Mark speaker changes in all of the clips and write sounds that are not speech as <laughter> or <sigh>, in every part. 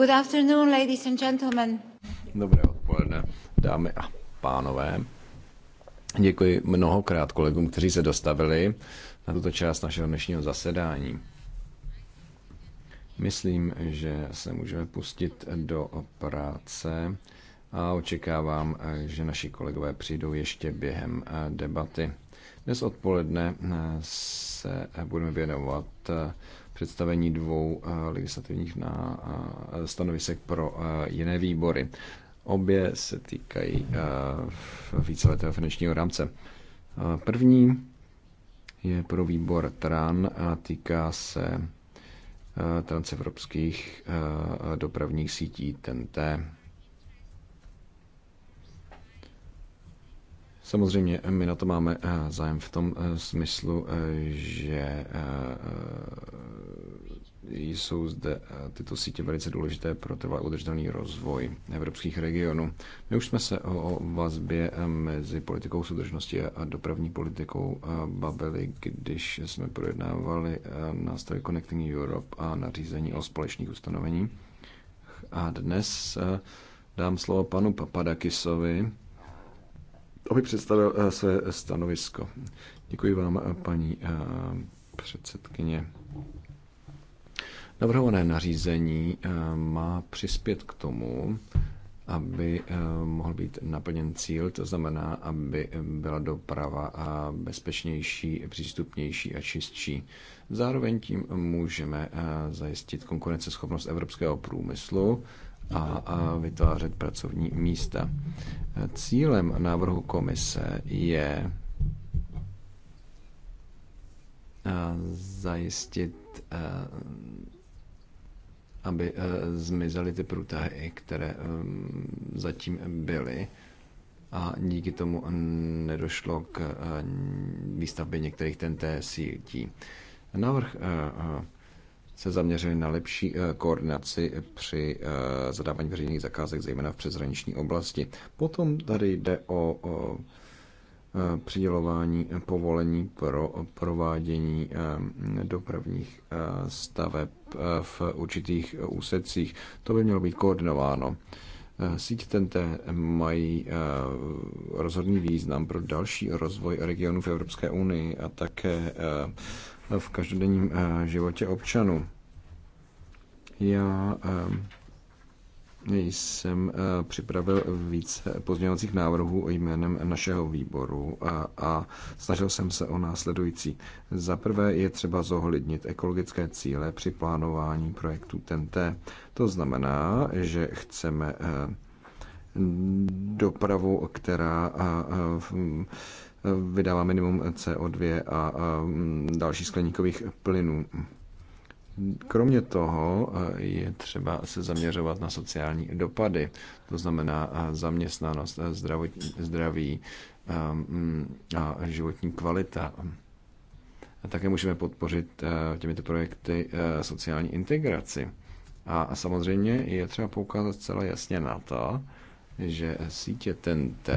Speaker 1: Good afternoon, ladies and gentlemen.
Speaker 2: Dobré odpoledne, dámy a pánové. Děkuji mnohokrát kolegům, kteří se dostavili na tuto část našeho dnešního zasedání. Myslím, že se můžeme pustit do práce a očekávám, že naši kolegové přijdou ještě během eh, debaty. Dnes odpoledne eh, se budeme věnovat eh, představení dvou eh, legislativních na eh, stanovisek pro eh, jiné výbory. Obě se týkají víceletého finančního rámce. První je pro výbor TRAN a týká se transevropských dopravních sítí TNT. Samozřejmě my na to máme eh, zájem v tom eh, smyslu, eh, že jsou zde tyto sítě velice důležité pro trvalý udržitelný rozvoj evropských regionů. My už jsme se o vazbě mezi politikou soudržnosti a dopravní politikou bavili, když jsme projednávali nástroj Connecting Europe a nařízení o společných ustanovení. A dnes dám slovo panu Papadakisovi, aby představil eh, své stanovisko. Děkuji vám, eh, paní eh, předsedkyně. Navrhované nařízení má přispět k tomu, aby mohl být naplněn cíl, to znamená, aby byla doprava bezpečnější, přístupnější a čistší. Zároveň tím můžeme zajistit konkurenceschopnost evropského průmyslu a, a vytvářet pracovní místa. Cílem návrhu komise je zajistit, aby zmizely ty průtahy, které zatím byly a díky tomu nedošlo k výstavbě některých TNT sítí. Návrh se zaměřili na lepší eh, koordinaci při eh, zadávání veřejných zakázek, zejména v přeshraniční oblasti. Potom tady jde o eh, přidělování povolení pro provádění dopravních staveb v určitých úsecích. To by mělo být koordinováno. Síť TNT mají rozhodný význam pro další rozvoj regionů v Evropské unii a také v každodenním eh, životě občanů. Já eh, jsem eh, připravil více pozměňovacích návrhů jménem našeho výboru a, a snažil jsem se o následující. Za prvé je třeba zohlednit ekologické cíle při plánování projektu TNT. To znamená, že chceme dopravu, která vydává minimum CO2 a mm, dalších skleníkových plynů. Kromě toho eh, je třeba se zaměřovat na sociální dopady, to znamená eh, zaměstnanost, eh, zdraví mm, a životní kvalita. A také můžeme podpořit těmito projekty sociální integraci. A samozřejmě je třeba poukázat celé jasně na to, že sítě TNT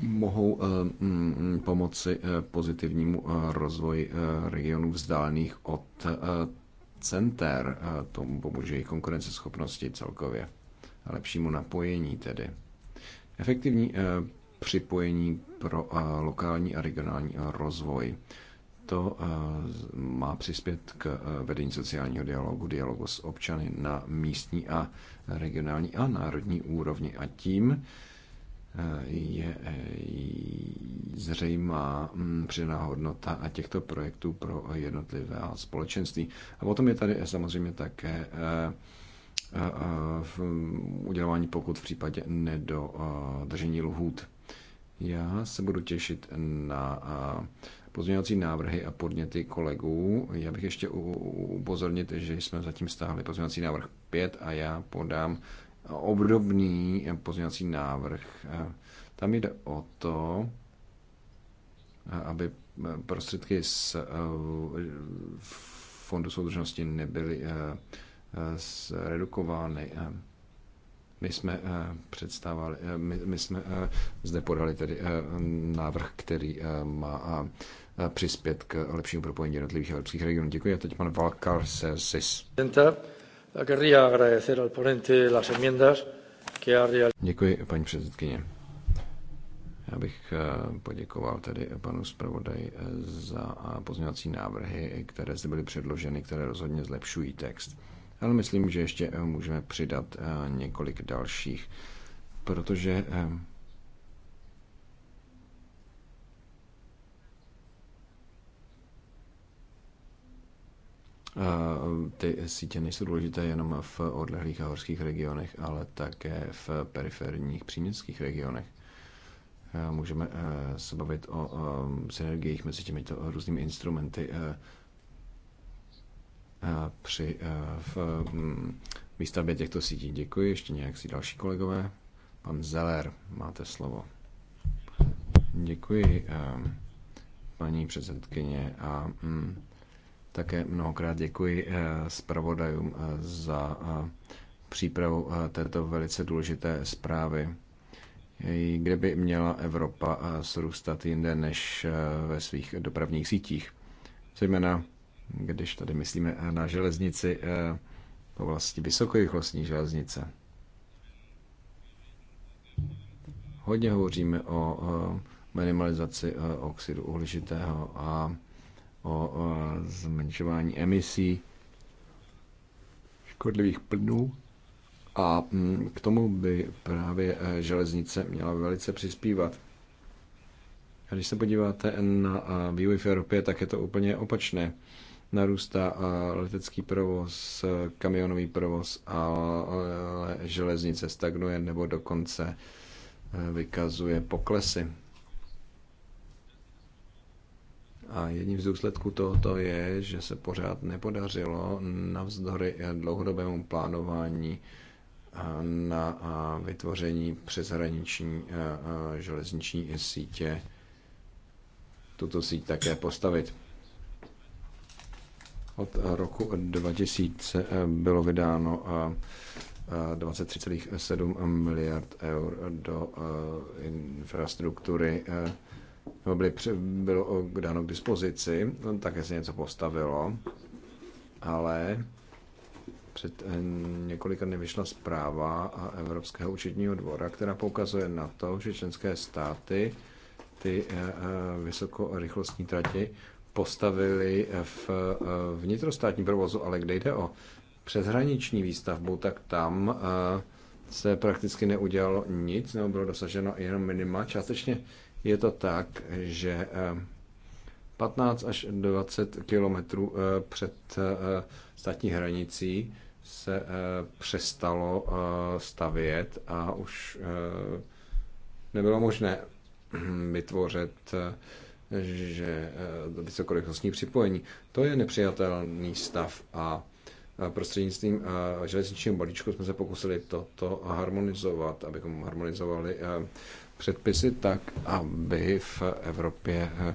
Speaker 2: mohou eh, mm, pomoci eh, pozitivnímu eh, rozvoji regionů vzdálených od center. Tomu pomůže i konkurenceschopnosti celkově a lepšímu napojení tedy. Efektivní připojení pro lokální a regionální rozvoj. To má přispět k vedení sociálního dialogu, dialogu s občany na místní a regionální a národní úrovni a tím je eh, zřejmá mm, přidaná hodnota a těchto projektů pro jednotlivé společenství. A potom je tady samozřejmě také eh, eh, v mm, udělování pokud v případě nedodržení lhůt. Já se budu těšit na pozměňovací návrhy a podněty kolegů. Já bych ještě upozornit, že jsme zatím stáhli pozměňovací návrh 5 a já podám obdobný pozměňovací návrh. Tam jde o to, aby prostředky z eh, Fondu soudržnosti nebyly eh, zredukovány. My jsme eh, představali, my, my jsme zde podali tedy návrh, který má přispět k lepšímu propojení jednotlivých evropských regionů. Děkuji a teď pan Valkar se SIS. Děkuji, paní předsedkyně. Já bych eh, poděkoval tedy panu zpravodaji eh, za eh, pozměňovací návrhy, které zde byly předloženy, které rozhodně zlepšují text. Ale myslím, že ještě můžeme přidat několik dalších, protože ty sítě nejsou důležité jenom v odlehlých a horských regionech, ale také v periferních příměstských regionech. Můžeme se bavit o synergiích mezi těmito různými instrumenty při v mm, výstavbě těchto sítí. Děkuji. Ještě nějak si další kolegové? Pan Zeller, máte slovo. Děkuji, paní předsedkyně. A, mm, také mnohokrát děkuji eh, zpravodajům eh, za eh, přípravu této velice důležité zprávy. Kde by měla Evropa srůstat jinde než ve svých dopravních sítích? Zejména, když tady myslíme na železnici v oblasti vysokorychlostní železnice. Hodně hovoříme o minimalizaci oxidu uhličitého a o zmenšování emisí škodlivých plynů. A mm, k tomu by právě e, železnice měla velice přispívat. A když se podíváte na e, vývoj v Evropě, tak je to úplně opačné. Narůstá e, letecký provoz, kamionový provoz, ale železnice stagnuje nebo dokonce vykazuje poklesy. A jedním z důsledků tohoto je, že se pořád nepodařilo navzdory dlouhodobému plánování na vytvoření přeshraniční eh, eh, železniční sítě tuto síť také postavit. Od roku 2000 eh, bylo vydáno 23,7 miliard eur do infrastruktury nebo byly, bylo dáno k dispozici, také se něco postavilo, ale před eh, několika dny vyšla zpráva Evropského účetního dvora, která poukazuje na to, že členské státy ty eh, eh, vysokorychlostní trati postavili v vnitrostátním provozu, ale kde jde o přeshraniční výstavbu, tak tam se prakticky neudělalo nic, nebo bylo dosaženo jenom minima. Částečně je to tak, že 15 eh, až 20 kilometrů eh, před eh, státní hranicí se přestalo stavět a už nebylo možné <clears throat> vytvořit že vysokorychlostní připojení. To je nepřijatelný stav a prostřednictvím železničního balíčku jsme se pokusili toto harmonizovat, abychom harmonizovali předpisy tak, aby v Evropě eh,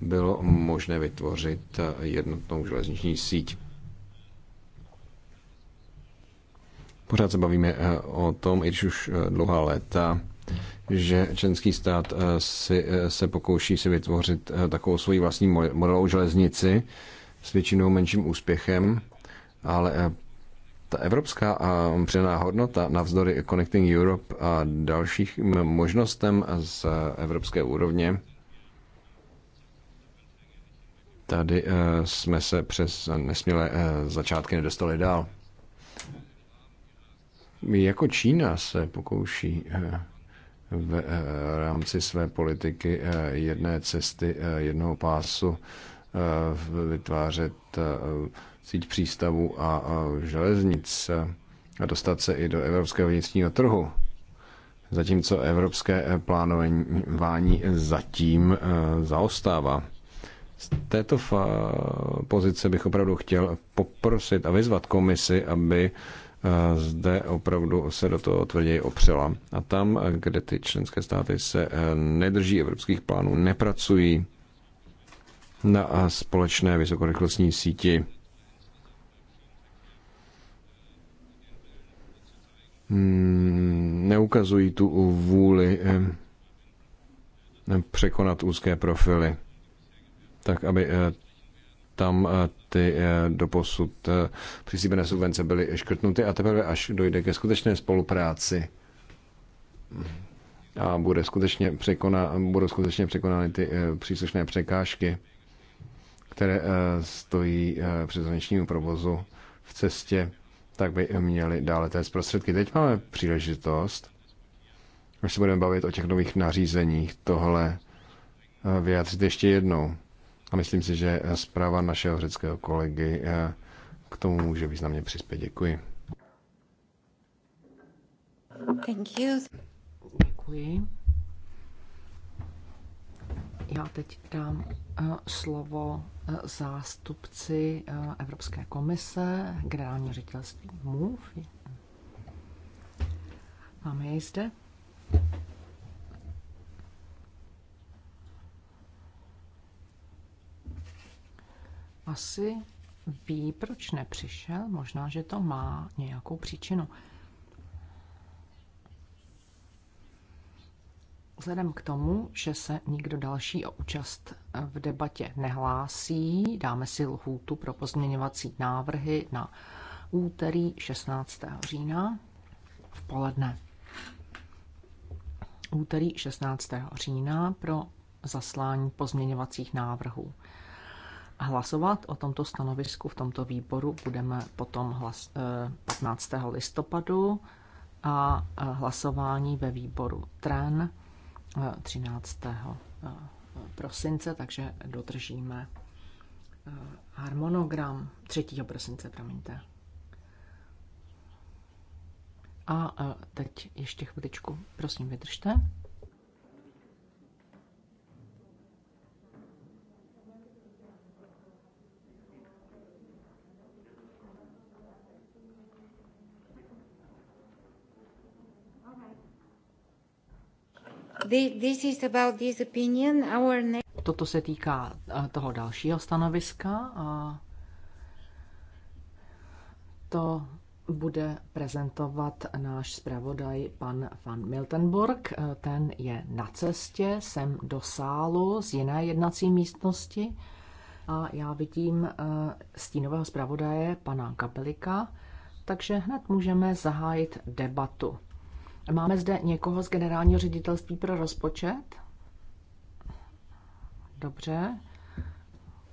Speaker 2: bylo možné vytvořit eh, jednotnou železniční síť. Pořád se bavíme eh, o tom, i když už dlouhá léta, že členský stát si, se pokouší si vytvořit takovou svoji vlastní modelovou železnici s většinou menším úspěchem, ale ta evropská přidaná hodnota navzdory Connecting Europe a dalším možnostem z evropské úrovně tady eh, jsme se přes nesmělé eh, začátky nedostali dál. Jako Čína se pokouší eh, v rámci své politiky jedné cesty, jednoho pásu vytvářet síť přístavů a, a železnic a dostat se i do evropského vnitřního trhu. Zatímco evropské plánování zatím e, zaostává. Z této pozice bych opravdu chtěl poprosit a vyzvat komisi, aby e, zde opravdu se do toho tvrději opřela. A tam, kde ty členské státy se e, nedrží evropských plánů, nepracují na společné vysokorychlostní síti, Mm, neukazují tu vůli eh, překonat úzké profily, tak aby eh, tam eh, ty doposud přislíbené subvence byly škrtnuty a teprve až dojde ke skutečné spolupráci a bude skutečně překoná, budou skutečně překonány ty příslušné překážky, které stojí při přeshraničnímu provozu v cestě, tak by měli dále té zprostředky. Teď máme příležitost, až se budeme bavit o těch nových nařízeních, tohle eh, vyjádřit ještě jednou. A myslím si, že eh, zpráva našeho řeckého kolegy eh, k tomu může významně přispět. Děkuji.
Speaker 3: Thank you. Děkuji.
Speaker 4: Já teď dám eh, slovo eh, zástupci eh, Evropské komise, generální ředitelství MOVE. Máme jej zde. Asi ví, proč nepřišel. Možná, že to má nějakou příčinu. Vzhledem k tomu, že se nikdo další o účast v debatě nehlásí, dáme si lhůtu pro pozměňovací návrhy na úterý 16. října v poledne. Úterý 16. října pro zaslání pozměňovacích návrhů. Hlasovat o tomto stanovisku v tomto výboru budeme potom hlas, 15. Eh, listopadu a eh, hlasování ve výboru TREN 13. Eh, prosince, takže dodržíme eh, harmonogram 3. prosince, promiňte. A eh, teď ještě chviličku, prosím, vydržte. Toto se týká eh, toho dalšího stanoviska a to bude prezentovat náš zpravodaj pan van Miltenburg. Eh, ten je na cestě sem do sálu z jiné jednací místnosti a já vidím eh, stínového zpravodaje pana Kapelika, takže hned můžeme zahájit debatu. Máme zde někoho z generálního ředitelství pro rozpočet? Dobře.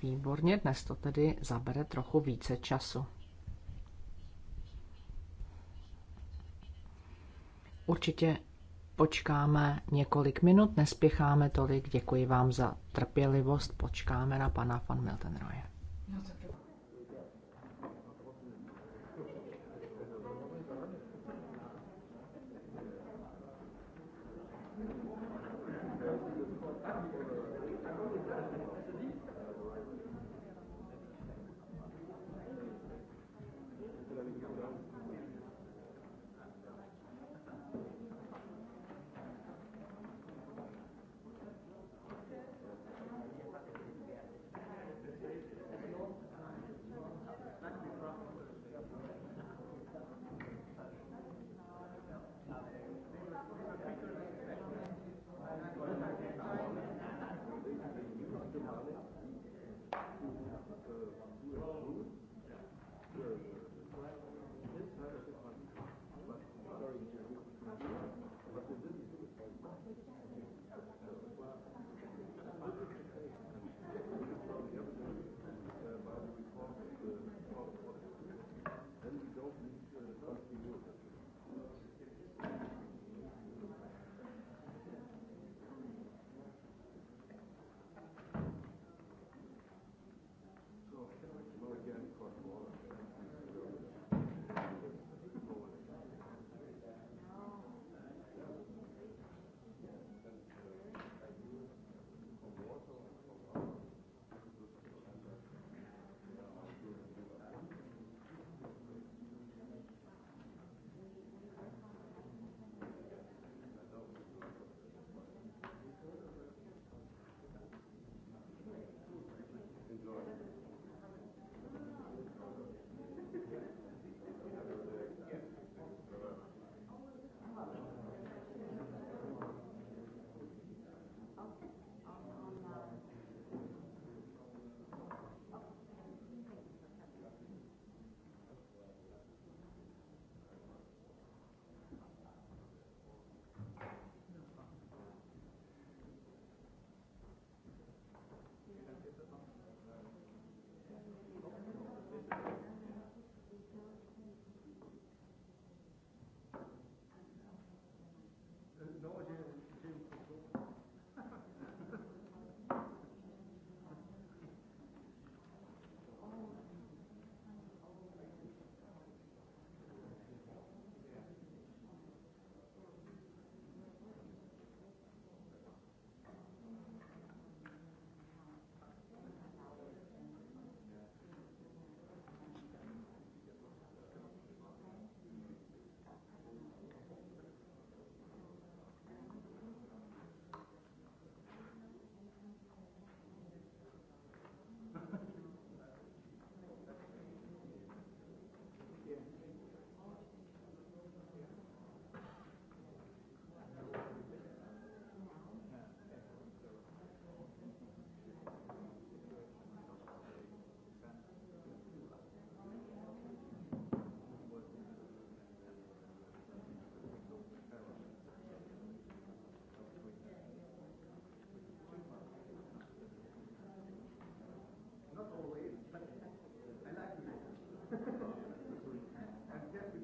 Speaker 4: Výborně, dnes to tedy zabere trochu více času. Určitě počkáme několik minut, nespěcháme tolik. Děkuji vám za trpělivost, počkáme na pana van Miltenroje.
Speaker 3: No tak.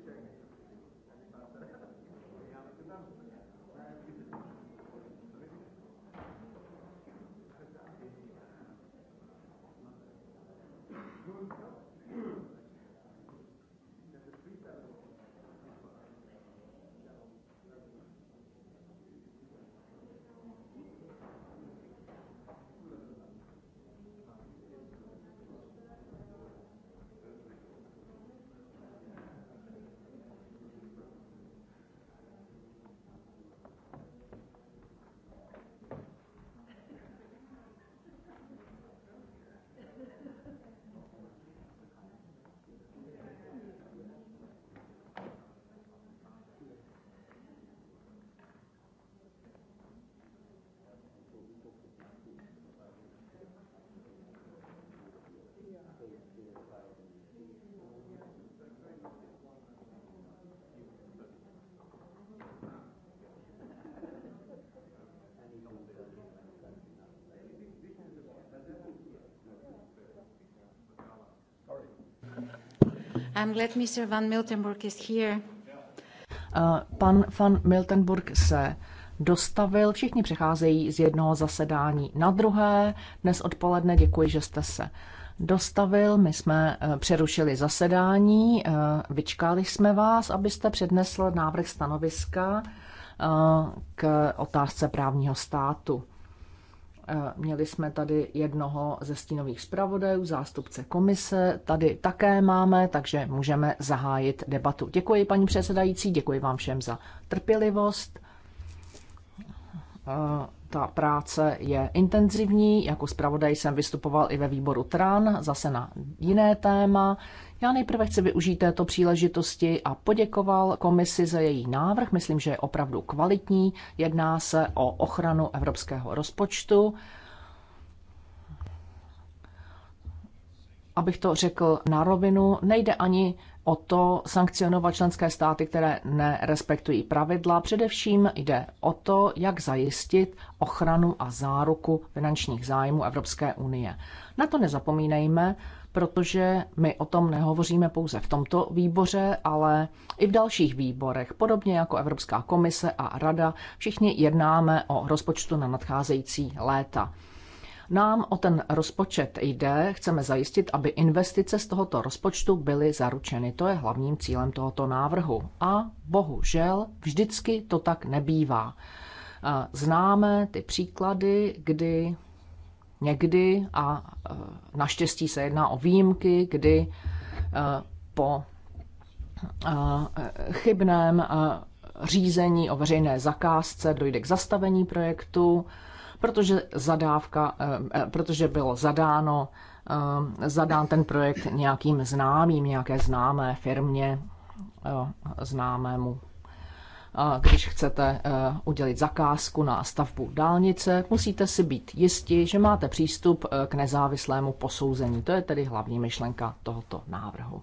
Speaker 3: Thank you.
Speaker 1: I'm glad Mr. Van Miltenburg is here.
Speaker 4: Eh, pan Van Miltenburg se dostavil. Všichni přicházejí z jednoho zasedání na druhé. Dnes odpoledne děkuji, že jste se dostavil. My jsme eh, přerušili zasedání, eh, vyčkali jsme vás, abyste přednesl návrh stanoviska k otázce právního státu. Eh, měli jsme tady jednoho ze stínových zpravodajů, zástupce komise. Tady také máme, takže můžeme zahájit debatu. Děkuji, paní předsedající, děkuji vám všem za trpělivost. Eh, ta práce je intenzivní. Jako zpravodaj jsem vystupoval i ve výboru TRAN, zase na jiné téma. Já nejprve chci využít této příležitosti a poděkoval komisi za její návrh. Myslím, že je opravdu kvalitní. Jedná se o ochranu evropského rozpočtu. Abych to řekl na rovinu, nejde ani o to sankcionovat členské státy, které nerespektují pravidla. Především jde o to, jak zajistit ochranu a záruku finančních zájmů Evropské unie. Na to nezapomínejme, protože my o tom nehovoříme pouze v tomto výboře, ale i v dalších výborech. Podobně jako Evropská komise a Rada, všichni jednáme o rozpočtu na nadcházející léta. Nám o ten rozpočet jde, chceme zajistit, aby investice z tohoto rozpočtu byly zaručeny. To je hlavním cílem tohoto návrhu. A bohužel vždycky to tak nebývá. Známe ty příklady, kdy Někdy, a e, naštěstí se jedná o výjimky, kdy e, po e, chybném řízení o veřejné zakázce dojde k zastavení projektu, protože, zadávka, protože bylo zadáno, zadán ten projekt nějakým známým, nějaké známé firmě, známému když chcete eh, udělit zakázku na stavbu dálnice, musíte si být jisti, že máte přístup eh, k nezávislému posouzení. To je tedy hlavní myšlenka tohoto návrhu.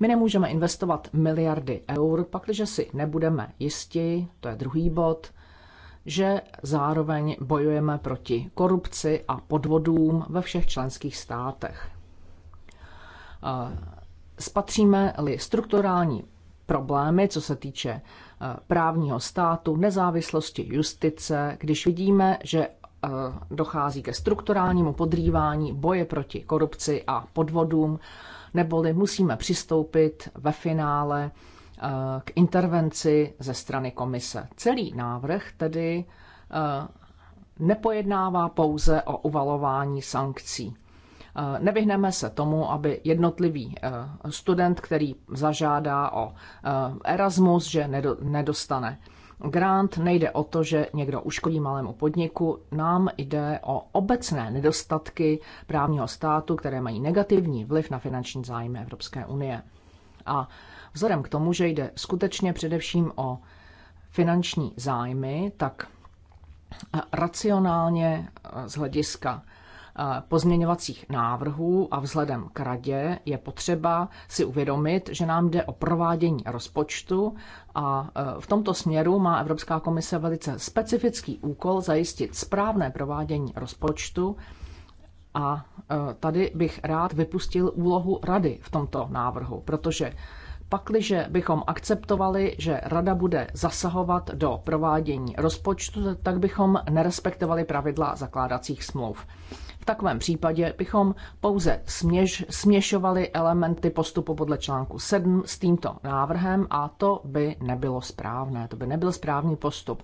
Speaker 4: My nemůžeme investovat miliardy eur, pakliže si nebudeme jisti, to je druhý bod, že zároveň bojujeme proti korupci a podvodům ve všech členských státech. Eh, spatříme-li strukturální problémy, co se týče eh, právního státu, nezávislosti justice, když vidíme, že eh, dochází ke strukturálnímu podrývání boje proti korupci a podvodům, neboli musíme přistoupit ve finále eh, k intervenci ze strany komise. Celý návrh tedy nepojednává pouze o uvalování sankcí. Eh, nevyhneme se tomu, aby jednotlivý eh, student, který zažádá o eh, Erasmus, že nedostane grant, nejde o to, že někdo uškodí malému podniku, nám jde o obecné nedostatky právního státu, které mají negativní vliv na finanční zájmy Evropské unie. A vzhledem k tomu, že jde skutečně především o finanční zájmy, tak racionálně z hlediska Eh, pozměňovacích návrhů a vzhledem k radě je potřeba si uvědomit, že nám jde o provádění rozpočtu a eh, v tomto směru má Evropská komise velice specifický úkol zajistit správné provádění rozpočtu a eh, tady bych rád vypustil úlohu rady v tomto návrhu, protože pakliže bychom akceptovali, že rada bude zasahovat do provádění rozpočtu, tak bychom nerespektovali pravidla zakládacích smluv. V takovém případě bychom pouze směž, směšovali elementy postupu podle článku 7 s tímto návrhem a to by nebylo správné, to by nebyl správný postup.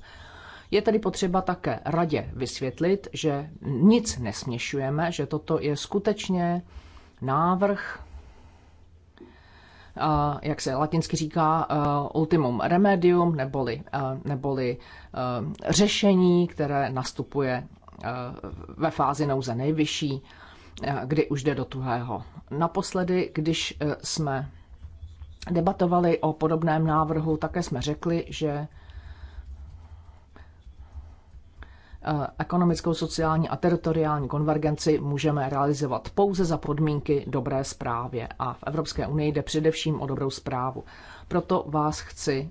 Speaker 4: Je tedy potřeba také radě vysvětlit, že nic nesměšujeme, že toto je skutečně návrh, jak se latinsky říká, ultimum remedium, neboli, neboli řešení, které nastupuje ve fázi nouze nejvyšší, eh, kdy už jde do tuhého. Naposledy, když eh, jsme debatovali o podobném návrhu, také jsme řekli, že eh, ekonomickou, sociální a teritoriální konvergenci můžeme realizovat pouze za podmínky dobré zprávě. A v Evropské unii jde především o dobrou zprávu. Proto vás chci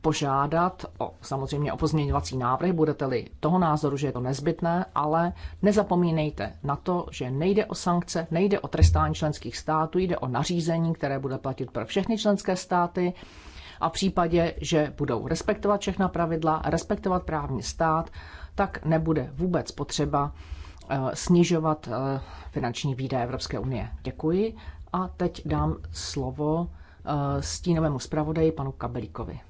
Speaker 4: požádat o samozřejmě o pozměňovací návrhy, budete-li toho názoru, že je to nezbytné, ale nezapomínejte na to, že nejde o sankce, nejde o trestání členských států, jde o nařízení, které bude platit pro všechny členské státy a v případě, že budou respektovat všechna pravidla, respektovat právní stát, tak nebude vůbec potřeba eh, snižovat eh, finanční výdaje Evropské unie. Děkuji a teď dám slovo eh, stínovému zpravodaji panu Kabelíkovi.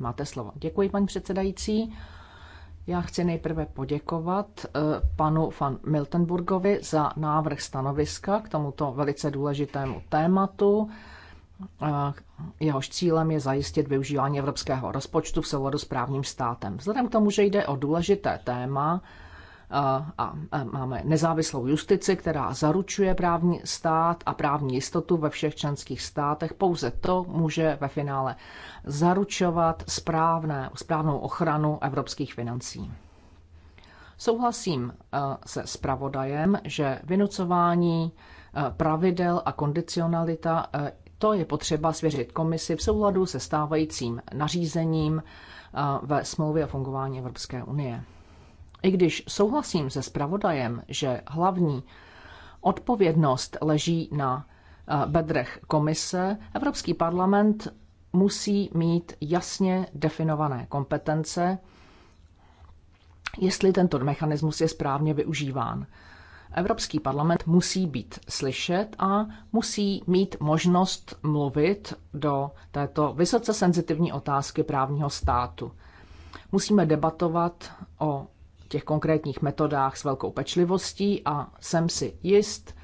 Speaker 4: Máte slovo. Děkuji, paní předsedající. Já chci nejprve poděkovat eh, panu van Miltenburgovi za návrh stanoviska k tomuto velice důležitému tématu. Eh, jehož cílem je zajistit využívání evropského rozpočtu v souladu s právním státem. Vzhledem k tomu, že jde o důležité téma, a máme nezávislou justici, která zaručuje právní stát a právní jistotu ve všech členských státech. Pouze to může ve finále zaručovat správné, správnou ochranu evropských financí. Souhlasím e, se spravodajem, že vynucování e, pravidel a kondicionalita e, to je potřeba svěřit komisi v souladu se stávajícím nařízením ve smlouvě o fungování Evropské unie. I když souhlasím se spravodajem, že hlavní odpovědnost leží na eh, bedrech komise, Evropský parlament musí mít jasně definované kompetence, jestli tento mechanismus je správně využíván. Evropský parlament musí být slyšet a musí mít možnost mluvit do této vysoce senzitivní otázky právního státu. Musíme debatovat o těch konkrétních metodách s velkou pečlivostí a jsem si jist,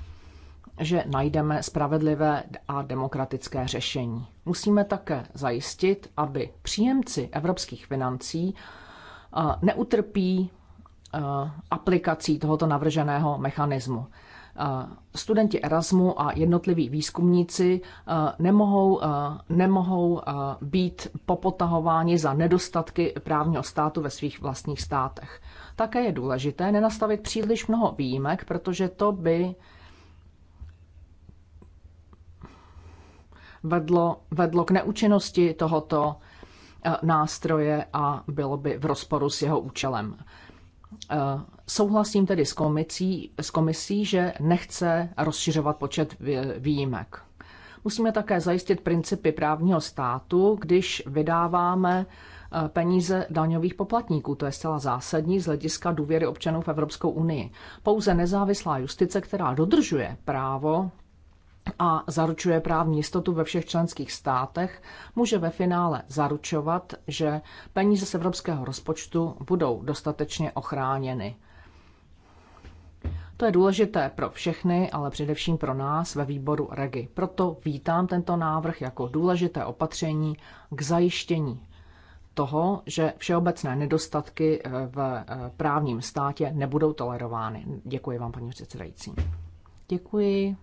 Speaker 4: že najdeme spravedlivé a demokratické řešení. Musíme také zajistit, aby příjemci evropských financí eh, neutrpí eh, aplikací tohoto navrženého mechanismu. Eh, studenti Erasmu a jednotliví výzkumníci eh, nemohou, eh, nemohou být popotahováni za nedostatky právního státu ve svých vlastních státech. Také je důležité nenastavit příliš mnoho výjimek, protože to by vedlo, vedlo k neúčinnosti tohoto nástroje a bylo by v rozporu s jeho účelem. Eh, souhlasím tedy s komisí, s komisí, že nechce rozšiřovat počet výjimek. Musíme také zajistit principy právního státu, když vydáváme eh, peníze daňových poplatníků. To je zcela zásadní z hlediska důvěry občanů v Evropskou unii. Pouze nezávislá justice, která dodržuje právo, a zaručuje právní jistotu ve všech členských státech, může ve finále zaručovat, že peníze z evropského rozpočtu budou dostatečně ochráněny. To je důležité pro všechny, ale především pro nás ve výboru REGI. Proto vítám tento návrh jako důležité opatření k zajištění toho, že všeobecné nedostatky eh, v eh, právním státě nebudou tolerovány. Děkuji vám, paní předsedající. Děkuji.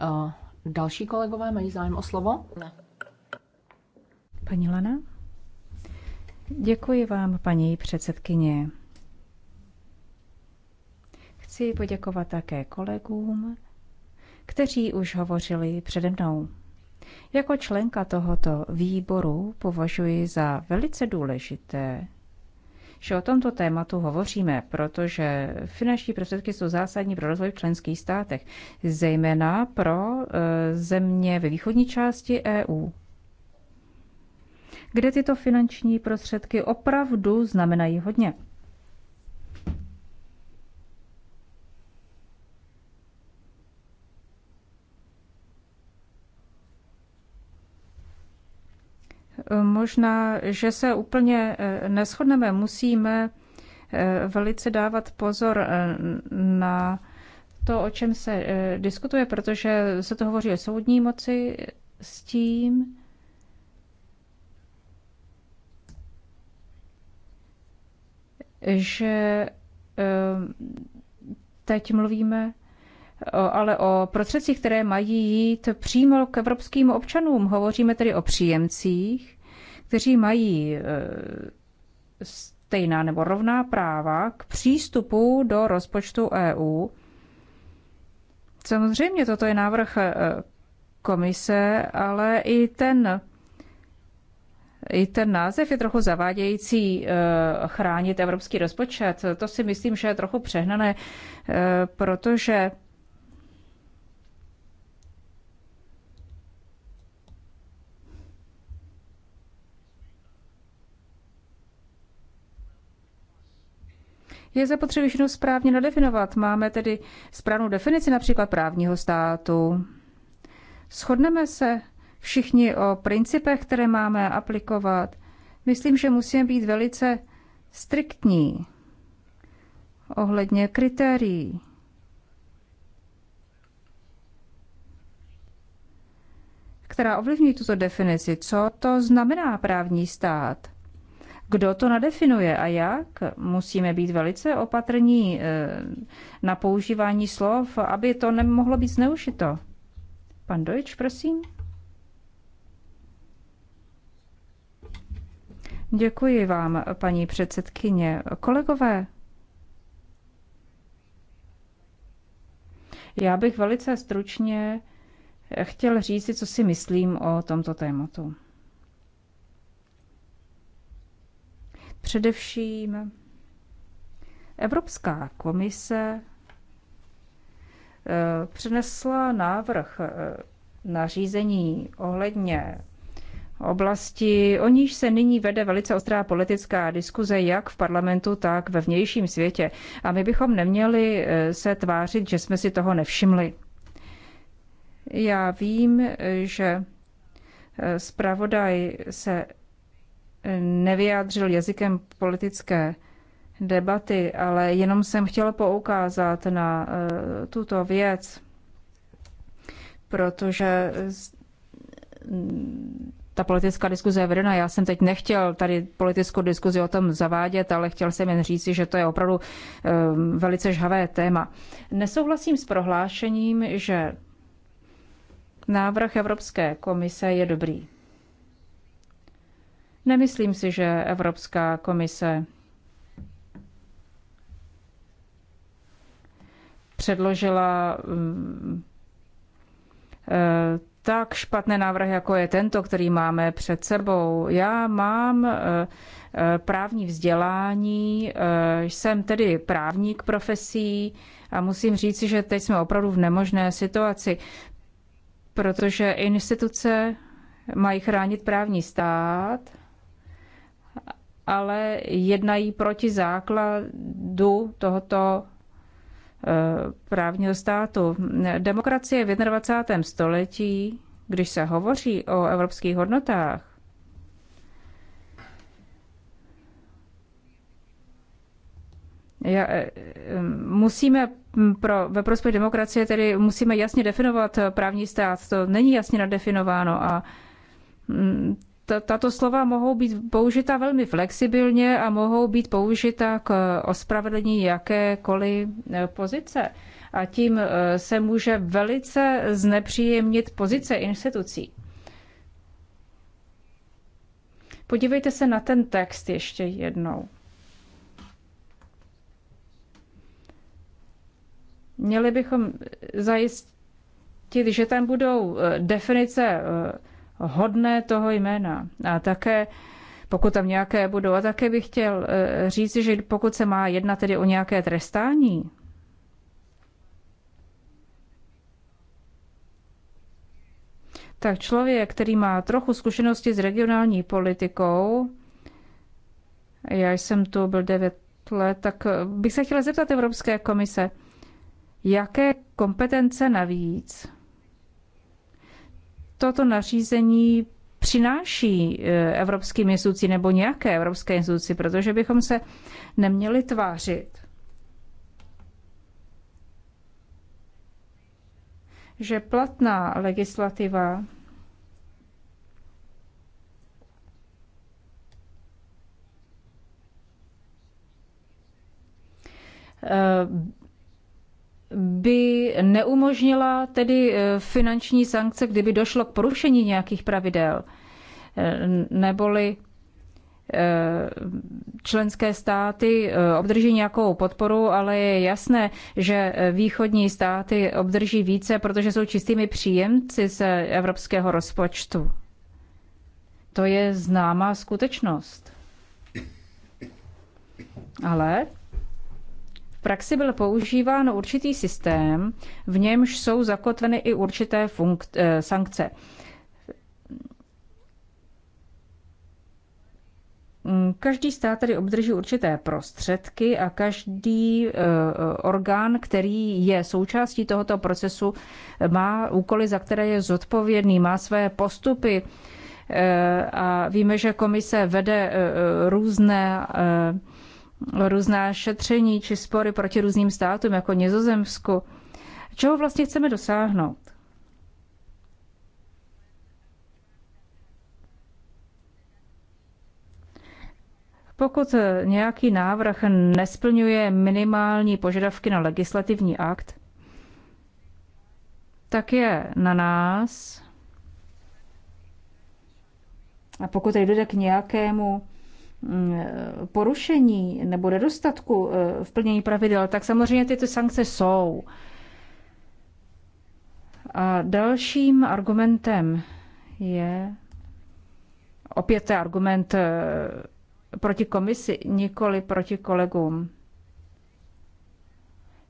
Speaker 1: Eh, další kolegové mají zájem o slovo? Ne. Paní Lana? Děkuji vám, paní předsedkyně. Chci poděkovat také kolegům, kteří už hovořili přede mnou. Jako členka tohoto výboru považuji za velice důležité, že o tomto tématu hovoříme, protože finanční prostředky jsou zásadní pro rozvoj v členských státech, zejména pro e, země ve východní části EU, kde tyto finanční prostředky opravdu znamenají hodně. Možná, že se úplně eh, neschodneme, musíme eh, velice dávat pozor eh, na to, o čem se diskutuje, protože se to hovoří o soudní moci s tím, že teď mluvíme ale o prostředcích, které mají jít přímo k evropským občanům. Hovoříme tedy o příjemcích kteří mají eh, stejná nebo rovná práva k přístupu do rozpočtu EU. Samozřejmě toto je návrh eh, komise, ale i ten, i ten název je trochu zavádějící eh, chránit evropský rozpočet. To si myslím, že je trochu přehnané, protože je zapotřebí všechno správně nadefinovat. Máme tedy správnou definici například právního státu. Shodneme se všichni o principech, které máme aplikovat. Myslím, že musíme být velice striktní ohledně kritérií. která ovlivňují tuto definici. Co to znamená právní stát? Kdo to nadefinuje a jak? Musíme být velice opatrní eh, na používání slov, aby to nemohlo být zneužito. Pan Dojč, prosím. Děkuji vám, paní předsedkyně. Kolegové, já bych velice stručně chtěl říct, co si myslím o tomto tématu. Především Evropská komise eh, přinesla návrh eh, nařízení ohledně oblasti, o níž se nyní vede velice ostrá politická diskuze jak v parlamentu, tak ve vnějším světě. A my bychom neměli eh, se tvářit, že jsme si toho nevšimli. Já vím, že zpravodaj se nevyjádřil jazykem politické debaty, ale jenom jsem chtěl poukázat na e, tuto věc, protože ta politická diskuze je vedena. Já jsem teď nechtěl tady politickou diskuzi o tom zavádět, ale chtěl jsem jen říci, že to je opravdu e, velice žhavé téma. Nesouhlasím s prohlášením, že návrh Evropské komise je dobrý. Nemyslím si, že Evropská komise předložila eh, tak špatné návrhy, jako je tento, který máme před sebou. Já mám eh, eh, právní vzdělání, jsem tedy právník profesí a musím říct, že teď jsme opravdu v nemožné situaci, protože instituce mají chránit právní stát, ale jednají proti základu tohoto eh, právního státu. Demokracie v 21. století, když se hovoří o evropských hodnotách, eh, eh, musíme pro, ve prospěch demokracie tedy musíme jasně definovat právní stát. To není jasně nadefinováno a mm, tato slova mohou být použita velmi flexibilně a mohou být použita k ospravedlnění jakékoliv eh, pozice. A tím eh, se může velice znepříjemnit pozice institucí. Podívejte se na ten text ještě jednou. Měli bychom zajistit, že tam budou eh, definice hodné toho jména. A také, pokud tam nějaké budou, a také bych chtěl eh, říct, že pokud se má jedna tedy o nějaké trestání, tak člověk, který má trochu zkušenosti s regionální politikou, já jsem tu byl devět let, tak eh, bych se chtěla zeptat Evropské komise, jaké kompetence navíc toto nařízení přináší e, evropským institucím nebo nějaké evropské instituci, protože bychom se neměli tvářit, že platná legislativa by neumožnila tedy eh, finanční sankce, kdyby došlo k porušení nějakých pravidel, eh, neboli eh, členské státy obdrží nějakou podporu, ale je jasné, že východní státy obdrží více, protože jsou čistými příjemci z evropského rozpočtu. To je známá skutečnost. Ale praxi byl používán určitý systém, v němž jsou zakotveny i určité funk- eh, sankce. Mm, každý stát tedy obdrží určité prostředky a každý eh, eh, orgán, který je součástí tohoto procesu, má úkoly, za které je zodpovědný, má své postupy. A víme, že komise vede různé různá šetření či spory proti různým státům, jako Nizozemsku. Čeho vlastně chceme dosáhnout? Pokud nějaký návrh nesplňuje minimální požadavky na legislativní akt, tak je na nás. A pokud dojde k nějakému Mm, porušení nebo nedostatku eh, v plnění pravidel, tak samozřejmě tyto sankce jsou. A dalším argumentem je opět argument eh, proti komisi, nikoli proti kolegům.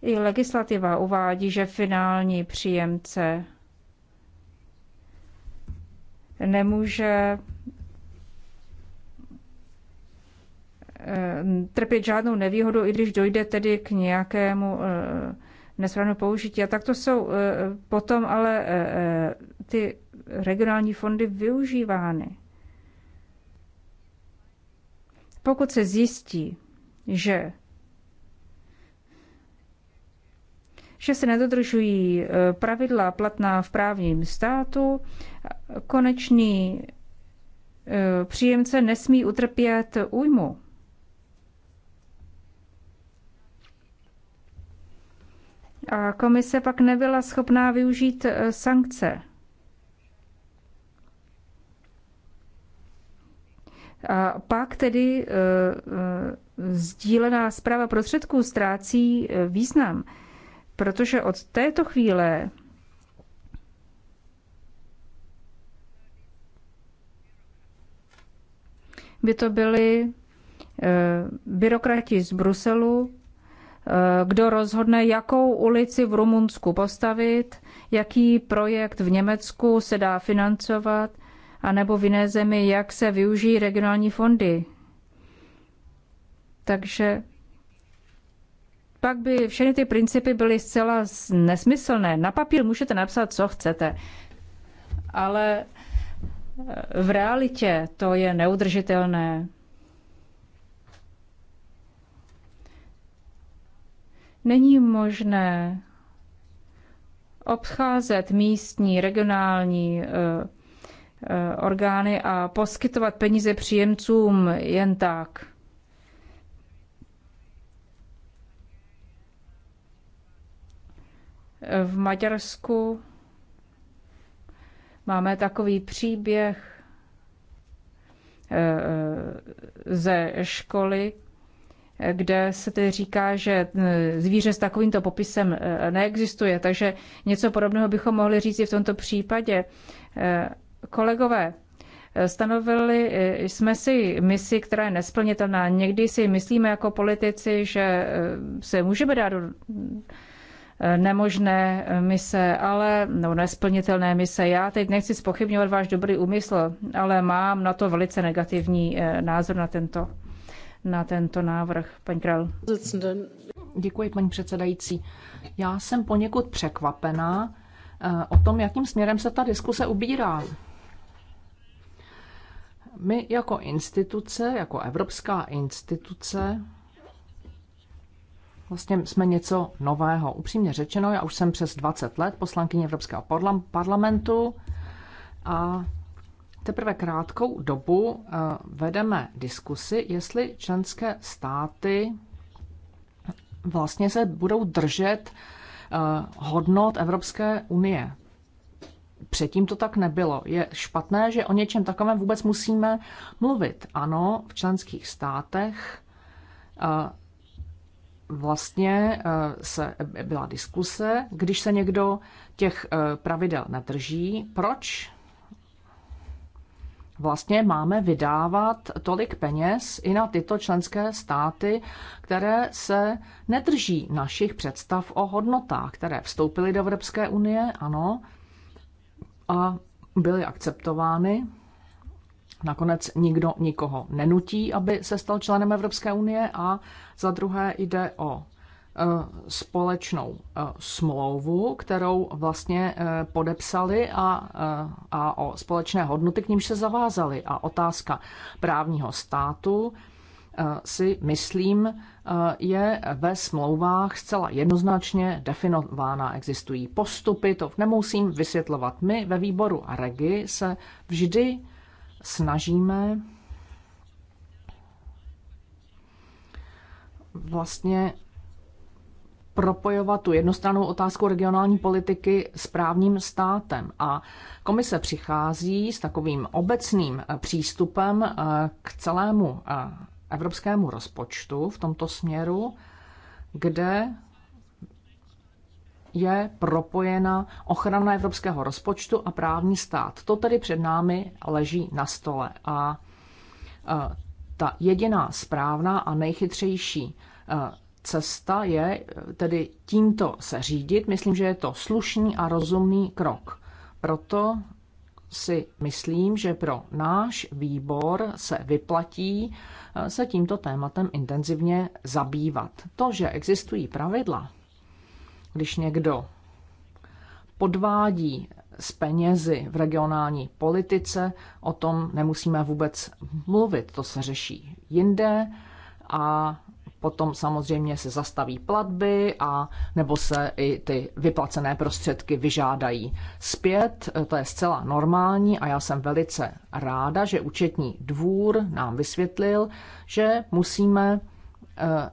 Speaker 1: I legislativa uvádí, že finální příjemce nemůže Eh, trpět žádnou nevýhodu, i když dojde tedy k nějakému eh, nesprávnému použití. A tak to jsou eh, potom ale ty regionální fondy využívány. Pokud se zjistí, že že se nedodržují pravidla platná v právním státu, konečný příjemce nesmí utrpět újmu. A komise pak nebyla schopná využít e, sankce. A pak tedy e, e, sdílená zpráva prostředků ztrácí význam, protože od této chvíle by to byli byrokrati z Bruselu, Eh, kdo rozhodne, jakou ulici v Rumunsku postavit, jaký projekt v Německu se dá financovat, anebo v jiné zemi, jak se využijí regionální fondy. Takže pak by všechny ty principy byly zcela nesmyslné. Na papír můžete napsat, co chcete, ale eh, v realitě to je neudržitelné. Není možné obcházet místní, regionální eh, eh, orgány a poskytovat peníze příjemcům jen tak. V Maďarsku máme takový příběh eh, ze školy, kde se tedy říká, že eh, zvíře s takovýmto popisem eh, neexistuje. Takže něco podobného bychom mohli říct i v tomto případě. Eh, kolegové, stanovili jsme si misi, která je nesplnitelná. Někdy si myslíme jako politici, že se můžeme dát do nemožné mise, ale no, nesplnitelné mise. Já teď nechci spochybňovat váš dobrý úmysl, ale mám na to velice negativní názor na tento na tento návrh. Paní Král. Děkuji, paní předsedající. Já jsem poněkud překvapená
Speaker 4: eh, o tom, jakým směrem se ta diskuse ubírá. My jako instituce, jako evropská instituce, Vlastně jsme něco nového. Upřímně řečeno, já už jsem přes 20 let poslankyně Evropského parlamentu a teprve krátkou dobu eh, vedeme diskusy, jestli členské státy vlastně se budou držet eh, hodnot Evropské unie. Předtím to tak nebylo. Je špatné, že o něčem takovém vůbec musíme mluvit. Ano, v členských státech eh, vlastně se byla diskuse, když se někdo těch pravidel nedrží, proč vlastně máme vydávat tolik peněz i na tyto členské státy, které se nedrží našich představ o hodnotách, které vstoupily do Evropské unie, ano, a byly akceptovány. Nakonec nikdo nikoho nenutí, aby se stal členem Evropské unie a za druhé jde o Eh, společnou eh, smlouvu, kterou vlastně eh, podepsali a, a o společné hodnoty, k nímž se zavázali. A otázka právního státu si myslím, je ve smlouvách zcela jednoznačně definována. Existují postupy, to nemusím vysvětlovat. My ve výboru a regi se vždy snažíme vlastně propojovat tu jednostrannou otázku regionální politiky s právním státem. A komise přichází s takovým obecným eh, přístupem eh, k celému eh, evropskému rozpočtu v tomto směru, kde je propojena ochrana evropského rozpočtu a právní stát. To tedy před námi leží na stole. A ta jediná správná a nejchytřejší cesta je tedy tímto se řídit. Myslím, že je to slušný a rozumný krok. Proto si myslím, že pro náš výbor se vyplatí eh, se tímto tématem intenzivně zabývat. To, že existují pravidla, když někdo podvádí s penězi v regionální politice, o tom nemusíme vůbec mluvit, to se řeší jinde a potom samozřejmě se zastaví platby a nebo se i ty vyplacené prostředky vyžádají zpět. E, to je zcela normální a já jsem velice ráda, že účetní dvůr nám vysvětlil, že musíme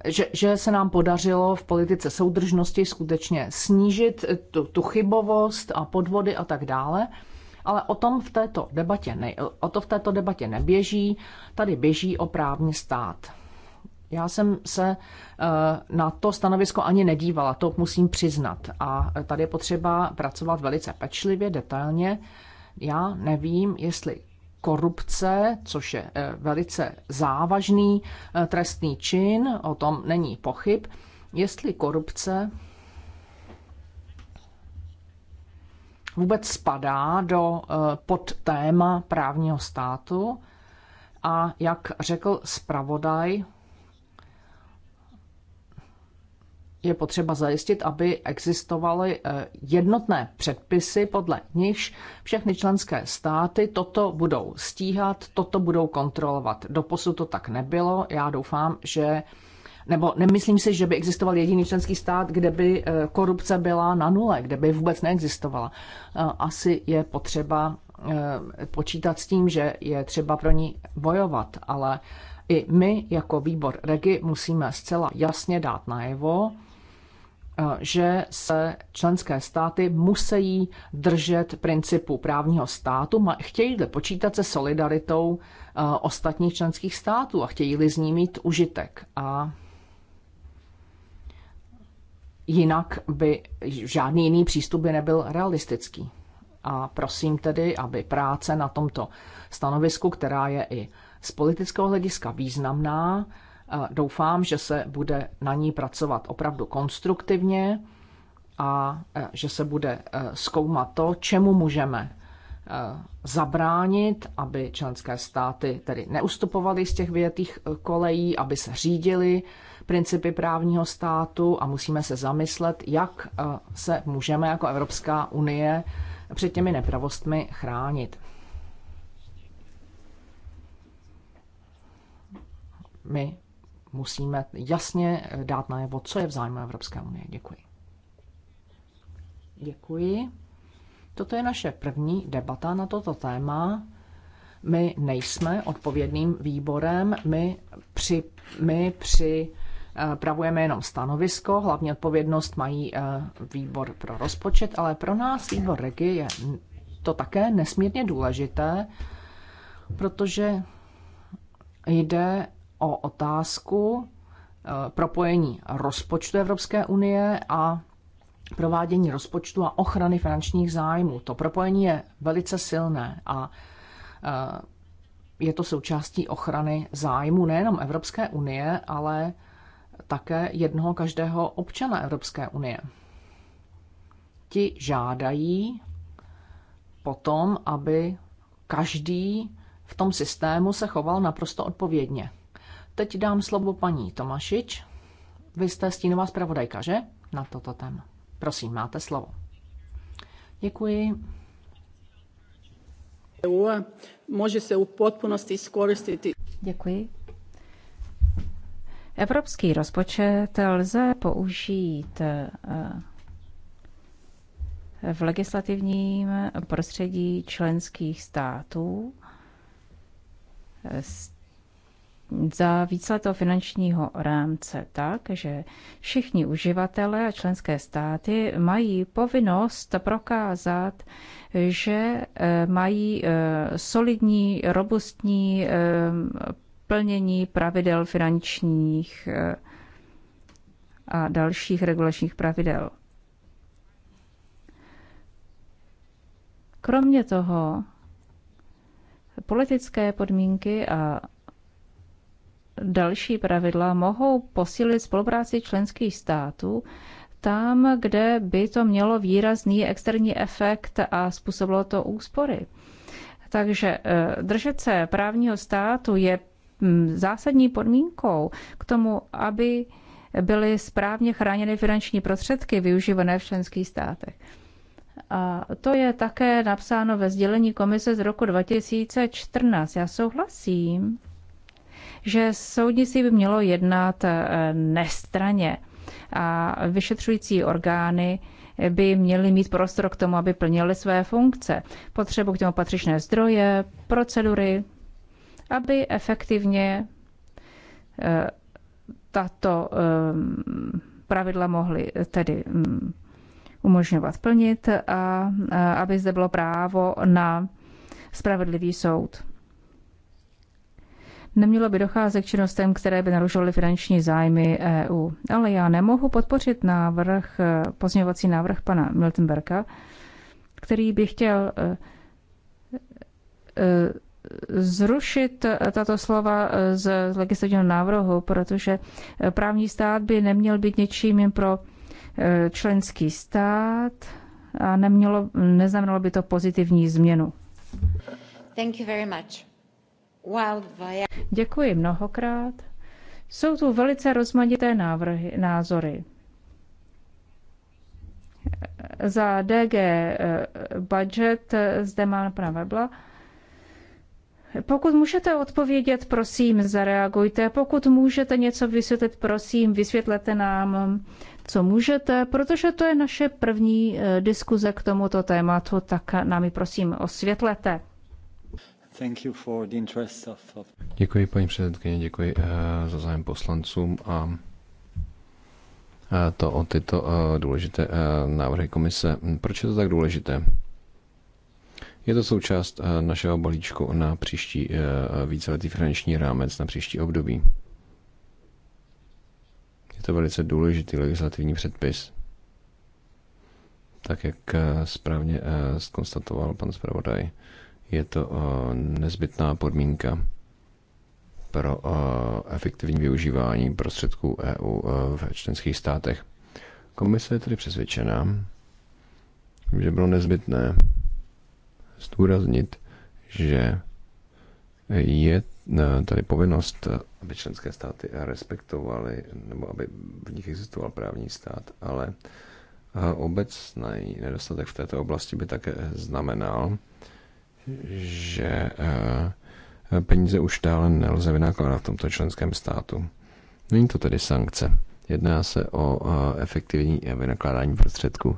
Speaker 4: e, že, že se nám podařilo v politice soudržnosti skutečně snížit tu, tu chybovost a podvody a tak dále. Ale o, tom v této debatě ne, o to v této debatě neběží, tady běží o právní stát. Já jsem se eh, na to stanovisko ani nedívala, to musím přiznat. A tady je potřeba pracovat velice pečlivě, detailně. Já nevím, jestli korupce, což je eh, velice závažný eh, trestný čin, o tom není pochyb, jestli korupce vůbec spadá do pod téma právního státu a jak řekl zpravodaj, je potřeba zajistit, aby existovaly eh, jednotné předpisy, podle nichž všechny členské státy toto budou stíhat, toto budou kontrolovat. Doposud to tak nebylo. Já doufám, že nebo nemyslím si, že by existoval jediný členský stát, kde by eh, korupce byla na nule, kde by vůbec neexistovala. Eh, asi je potřeba počítat s tím, že je třeba pro ní bojovat, ale i my jako výbor REGI musíme zcela jasně dát najevo, Eh, že se členské státy musí držet principu právního státu, chtějí-li počítat se solidaritou eh, ostatních členských států a chtějí-li z ní mít užitek. A jinak by žádný jiný přístup by nebyl realistický. A prosím tedy, aby práce na tomto stanovisku, která je i z politického hlediska významná, doufám, že se bude na ní pracovat opravdu konstruktivně a e, že se bude e, zkoumat to, čemu můžeme e, zabránit, aby členské státy tedy neustupovaly z těch větých kolejí, aby se řídili principy právního státu a musíme se zamyslet, jak se můžeme jako Evropská unie před těmi nepravostmi chránit. My musíme jasně eh, dát najevo, co je v zájmu Evropské unie. Děkuji. Děkuji. Toto je naše první debata na toto téma. My nejsme odpovědným výborem, my, při, my při eh, Pravujeme jenom stanovisko, hlavně odpovědnost mají eh, výbor pro rozpočet, ale pro nás výbor Regi je to také nesmírně důležité, protože jde o otázku eh, propojení rozpočtu Evropské unie a provádění rozpočtu a ochrany finančních zájmů. To propojení je velice silné a eh, je to součástí ochrany zájmu nejenom Evropské unie, ale také jednoho každého občana Evropské unie. Ti žádají potom, aby každý v tom systému se choval naprosto odpovědně. Teď dám slovo paní Tomašič. Vy jste stínová zpravodajka, že? Na toto téma. Prosím, máte slovo. Děkuji. EU může se u potpunosti
Speaker 1: skoristit. Děkuji. Evropský rozpočet lze použít eh, v legislativním prostředí členských států s za víceletého finančního rámce tak, že všichni uživatelé a členské státy mají povinnost prokázat, že eh, mají eh, solidní, robustní eh, plnění pravidel finančních a dalších regulačních pravidel. Kromě toho, politické podmínky a další pravidla mohou posílit spolupráci členských států tam, kde by to mělo výrazný externí efekt a způsobilo to úspory. Takže eh, držet se právního státu je mm, zásadní podmínkou k tomu, aby byly správně chráněny finanční prostředky využívané v členských státech. A to je také napsáno ve sdělení komise z roku 2014. Já souhlasím že soudnictví by mělo jednat eh, nestraně a vyšetřující orgány by měly mít prostor k tomu, aby plnili své funkce. Potřebu k tomu patřičné zdroje, procedury, aby efektivně eh, tato eh, pravidla mohly tedy mm, umožňovat plnit a aby zde bylo právo na spravedlivý soud. Nemělo by docházet k činnostem, které by narušovaly finanční zájmy EU. Ale já nemohu podpořit návrh, eh, pozměňovací návrh pana Miltenberka, který by chtěl eh, eh, zrušit tato slova z legislativního návrhu, protože právní stát by neměl být něčím jen pro členský stát a nemělo, neznamenalo by to pozitivní změnu. Thank you very much. Děkuji mnohokrát. Jsou tu velice rozmanité návrhy, názory. Za DG eh, budget eh, zde mám pana Webla. Pokud můžete odpovědět, prosím, zareagujte. Pokud můžete něco vysvětlit, prosím, vysvětlete nám, co můžete, protože to je naše první eh, diskuze k tomuto tématu, tak nám ji prosím osvětlete.
Speaker 2: Děkuji paní předsedkyně, děkuji uh, za zájem poslancům a uh, to o tyto uh, důležité uh, návrhy komise. Proč je to tak důležité? Je to součást uh, našeho balíčku na příští uh, víceletý finanční rámec, na příští období. Je to velice důležitý legislativní předpis tak jak správně skonstatoval pan zpravodaj. Je to eh, nezbytná podmínka pro eh, efektivní využívání prostředků EU eh, v členských státech. Komise je tedy přesvědčená, že bylo nezbytné zdůraznit, že je tady povinnost, aby členské státy respektovaly, nebo aby v nich existoval právní stát, ale obecný nedostatek v této oblasti by také znamenal, že eh, peníze už dále nelze vynakládat v tomto členském státu. Není to tedy sankce. Jedná se o eh, efektivní eh, vynakládání prostředků.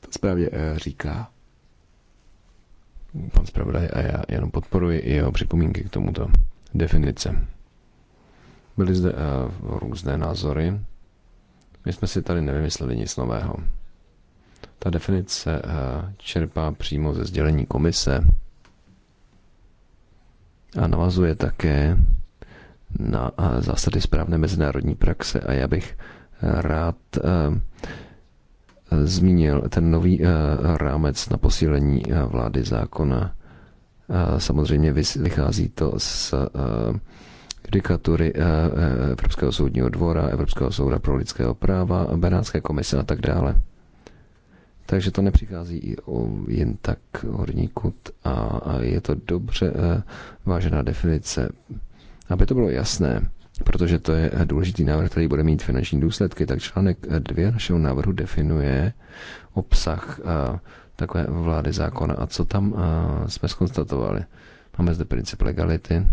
Speaker 2: To zprávě říká pan zpravodaj a já jenom podporuji i jeho připomínky k tomuto definice. Byly zde různé názory. My jsme si tady nevymysleli nic nového. Ta definice eh, čerpá přímo ze sdělení komise a navazuje také na eh, zásady správné mezinárodní praxe a já bych eh, rád zmínil ten nový rámec na posílení vlády zákona. Samozřejmě vychází to z judikatury Evropského soudního dvora, Evropského souda pro lidského práva, Benátské komise a tak dále. Takže to nepřichází i o jen tak horníkud a, a je to dobře eh, vážená definice. Aby to bylo jasné, protože to je důležitý návrh, který bude mít finanční důsledky, tak článek 2 našeho návrhu definuje obsah eh, takové vlády zákona a co tam eh, jsme skonstatovali. Máme zde princip legality,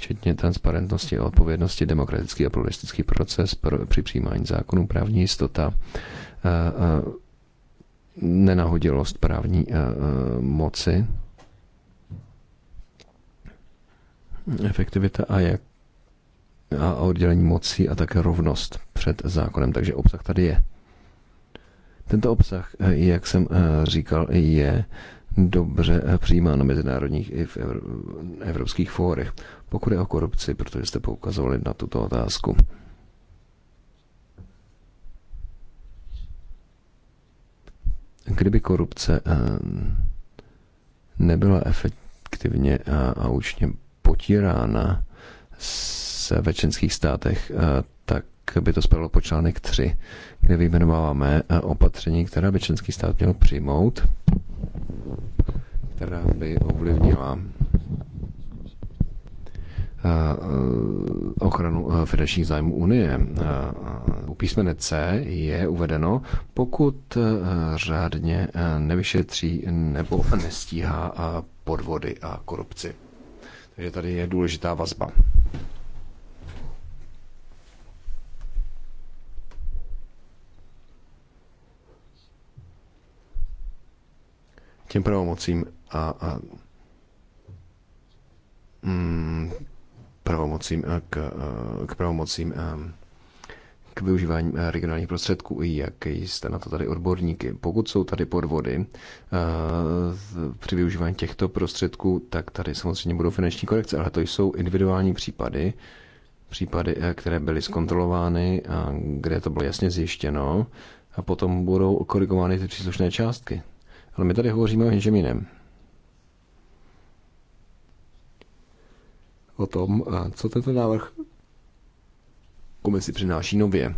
Speaker 2: včetně transparentnosti a odpovědnosti, demokratický a pluralistický proces pro, při přijímání zákonů, právní jistota, nenahodilost právní moci, efektivita a jak a oddělení mocí a také rovnost před zákonem, takže obsah tady je. Tento obsah, jak jsem říkal, je dobře přijímá na mezinárodních i v evropských fórech, pokud je o korupci, protože jste poukazovali na tuto otázku. Kdyby korupce eh, nebyla efektivně eh, a účně potírána se ve členských státech, eh, by to spadlo po článek 3, kde vyjmenováváme eh, opatření, která by členský stát měl přijmout, která by ovlivnila eh, eh, ochranu finančních zájmů Unie. U písmene C je uvedeno, pokud řádně nevyšetří nebo nestíhá podvody a korupci. Takže tady je důležitá vazba. těm pravomocím a, a mm, pravomocím, k, k pravomocím k využívání regionálních prostředků, i jak jste na to tady odborníky. Pokud jsou tady podvody při využívání těchto prostředků, tak tady samozřejmě budou finanční korekce, ale to jsou individuální případy, případy, které byly zkontrolovány, a kde to bylo jasně zjištěno, a potom budou korigovány ty příslušné částky. Ale my tady hovoříme o něčem jiném. O tom, co tento návrh komisi přináší nově,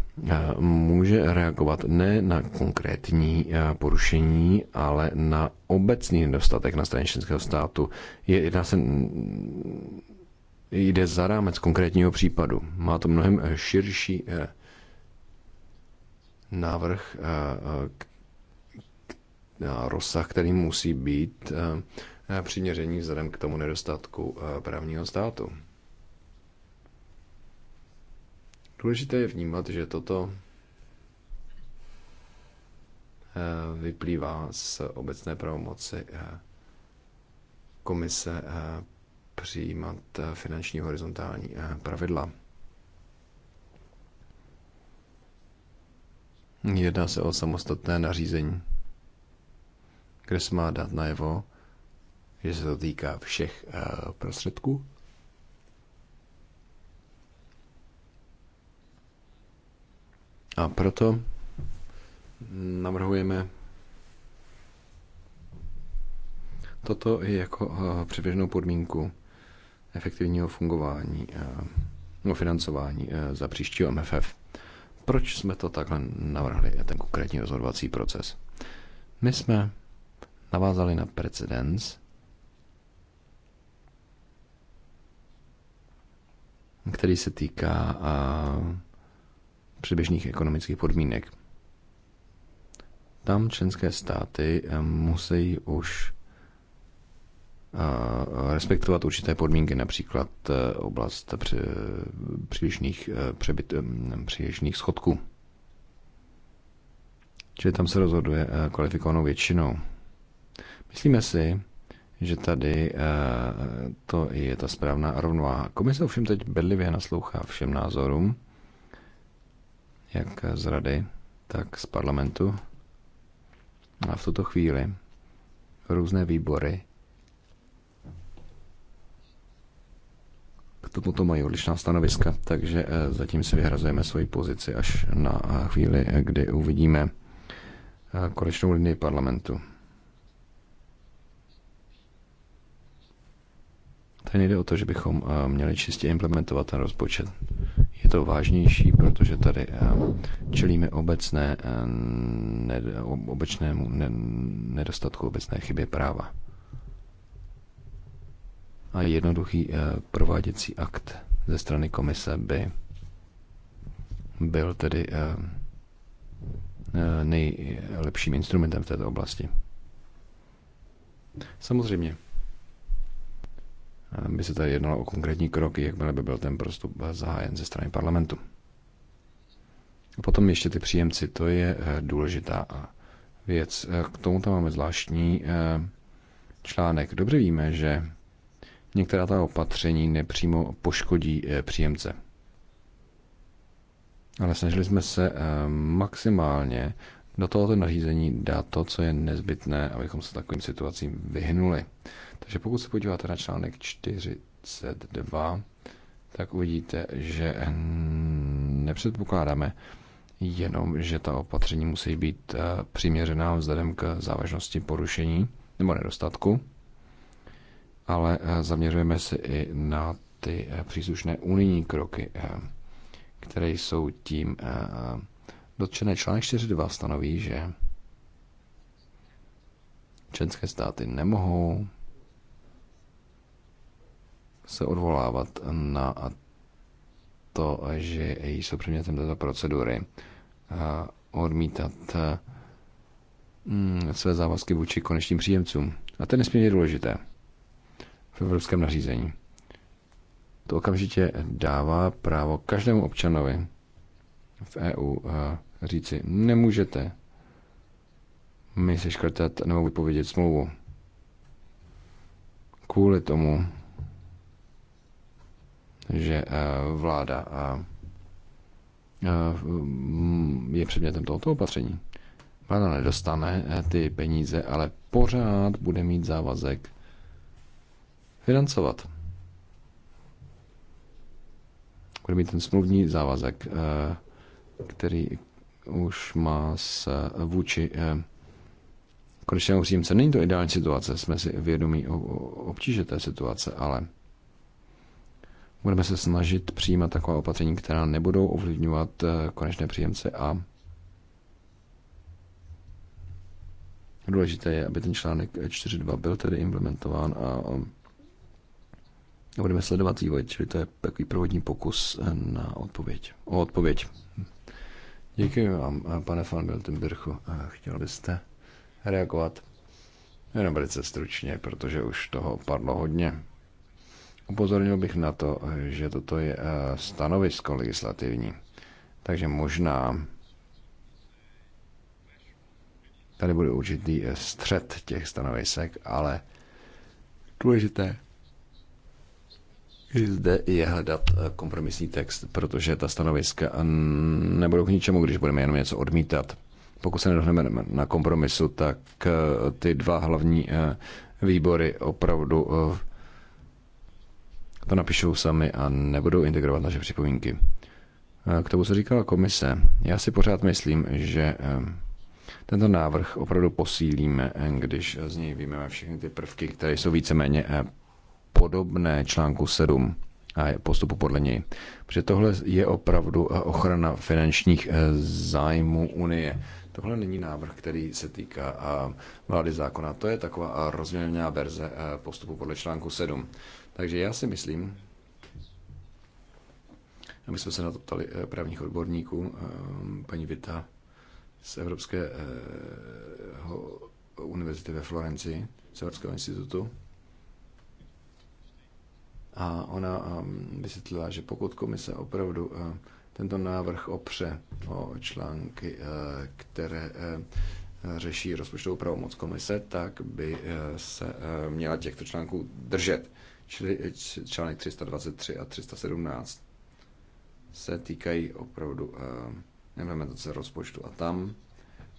Speaker 2: může reagovat ne na konkrétní porušení, ale na obecný nedostatek na straně členského státu. Je, jedná se, jde za rámec konkrétního případu. Má to mnohem širší e, návrh, e, e, rozsah, který musí být eh, eh, přiměřený vzhledem k tomu nedostatku eh, právního státu. Důležité je vnímat, že toto vyplývá z obecné pravomoci komise přijímat finanční horizontální pravidla. Jedná se o samostatné nařízení kde se má dát najevo, že se to týká všech eh, prostředků. A proto navrhujeme toto i jako eh, předběžnou podmínku efektivního fungování eh, no, financování za příštího MFF. Proč jsme to takhle navrhli, ten konkrétní rozhodovací proces? My jsme navázali na precedens, který se týká předběžných ekonomických podmínek. Tam členské státy e, musí už respektovat určité podmínky, například e, oblast při, přílišných, e, přebyt, přílišných schodků. Čili tam se rozhoduje kvalifikovanou většinou Myslíme si, že tady eh, to je ta správná rovnováha. Komise ovšem teď bedlivě naslouchá všem názorům, jak z rady, tak z parlamentu. A v tuto chvíli různé výbory k tomuto mají odlišná stanoviska, takže eh, zatím si vyhrazujeme svoji pozici až na eh, chvíli, kdy uvidíme konečnou linii parlamentu. Tady nejde o to, že bychom eh, měli čistě implementovat ten rozpočet. Je to vážnější, protože tady eh, čelíme obecné, eh, ne, obecnému ne, nedostatku obecné chybě práva. A jednoduchý prováděcí akt ze strany komise by byl tedy nejlepším instrumentem v této oblasti. Samozřejmě, by se tady jednalo o konkrétní kroky, jakmile by byl ten prostup zahájen ze strany parlamentu. A potom ještě ty příjemci, to je eh, důležitá věc. Eh, k tomu tam máme zvláštní eh, článek. Dobře víme, že některá ta opatření nepřímo poškodí příjemce. Ale snažili jsme se maximálně do tohoto nařízení dát to, co je nezbytné, abychom se takovým situacím vyhnuli. Takže pokud se podíváte na článek 42, tak uvidíte, že nepředpokládáme jenom, že ta opatření musí být eh, přiměřená vzhledem k závažnosti porušení nebo nedostatku, ale eh, zaměřujeme se i na ty eh, příslušné unijní kroky, které jsou tím dotčené. Článek 4.2 stanoví, že členské státy nemohou se odvolávat na to, že jsou předmětem této procedury, odmítat mm, své závazky vůči konečným příjemcům. A to je nesmírně důležité v evropském nařízení. To okamžitě dává právo každému občanovi v EU eh, říci, nemůžete mi seškrtat nebo vypovědět smlouvu. Kvůli tomu, že eh, vláda eh, eh, je předmětem tohoto opatření. Vláda nedostane ty peníze, ale pořád bude mít závazek financovat. Bude mít ten smluvní závazek, který už má s vůči konečnému příjemce. Není to ideální situace, jsme si vědomí o obtíže té situace, ale Budeme se snažit přijímat taková opatření, která nebudou ovlivňovat eh, konečné příjemce a důležité je, aby ten článek 4.2 byl tedy implementován eh, a budeme sledovat vývoj, čili to je takový provodní pokus eh, na odpověď. O odpověď. Děkuji vám, pane van Beltenbirchu. Chtěl byste reagovat? Jenom velice stručně, protože už toho padlo hodně. Upozornil bych na to, že toto je eh, stanovisko legislativní. Takže možná tady bude určitý eh, střed těch stanovisek, ale důležité zde je hledat eh, kompromisní text, protože ta stanoviska nebudou k ničemu, když budeme jenom něco odmítat. Pokud se nedohneme na kompromisu, tak ty dva hlavní výbory opravdu to napíšou sami a nebudou integrovat naše připomínky. E, k tomu, co říkala komise, já si pořád myslím, že e, tento návrh opravdu posílíme, e, když z něj vyjmeme všechny ty prvky, které jsou víceméně podobné článku 7 a postupu podle něj. Protože tohle je opravdu ochrana finančních zájmů Unie. Tohle není návrh, který se týká vlády zákona. To je taková rozmělněná verze postupu podle článku 7. Takže já si myslím, a my jsme se na to ptali eh, právních odborníků, eh, paní Vita z Evropské eh, univerzity ve Florencii, z Evropského institutu. A ona ehm, vysvětlila, že pokud komise opravdu tento návrh opře o články, které řeší rozpočtovou pravomoc komise, tak by se měla těchto článků držet čili eh, článek 323 a 317 se týkají opravdu uh, implementace rozpočtu. A tam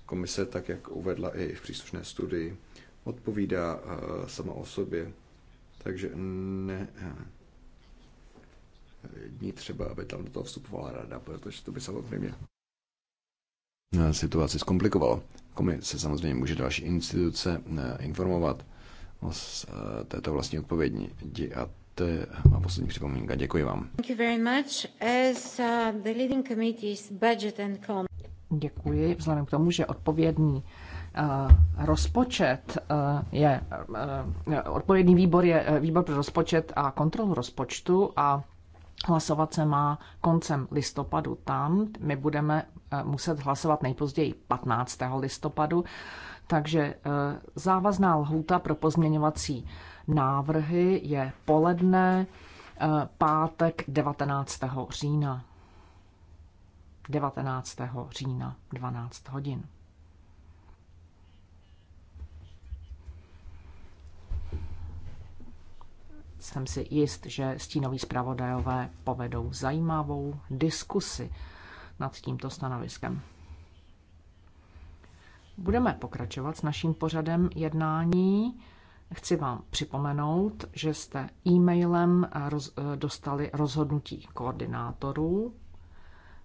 Speaker 2: komise, tak jak uvedla i v příslušné studii, odpovídá uh, sama o sobě. Takže ne, dní třeba, aby tam do toho vstupovala rada, protože to by samozřejmě situaci zkomplikovalo. Komise samozřejmě může další instituce informovat z no, eh, této vlastní odpovědi. A to je má poslední připomínka. Děkuji vám.
Speaker 1: Uh, Děkuji.
Speaker 4: Vzhledem k tomu, že odpovědný eh, rozpočet eh, je, odpovědný výbor je výbor pro rozpočet a kontrolu rozpočtu a Hlasovat se má koncem listopadu tam. My budeme muset hlasovat nejpozději 15. listopadu takže eh, závazná lhůta pro pozměňovací návrhy je poledne eh, pátek 19. října. 19. října 12 hodin. Jsem si jist, že stínoví zpravodajové povedou zajímavou diskusi nad tímto stanoviskem. Budeme pokračovat s naším pořadem jednání. Chci vám připomenout, že jste e-mailem roz, eh, dostali rozhodnutí koordinátorů,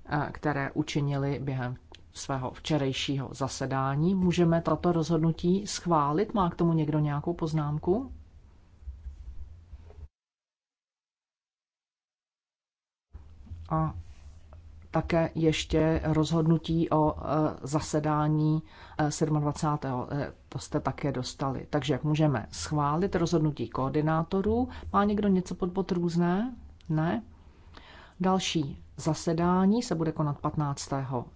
Speaker 4: eh, které učinili během svého včerejšího zasedání. Můžeme tato rozhodnutí schválit? Má k tomu někdo nějakou poznámku? A také ještě rozhodnutí o e, zasedání 27. E, e, to jste také dostali. Takže můžeme schválit rozhodnutí koordinátorů. Má někdo něco pod bod různé? Ne? Další zasedání se bude konat 15.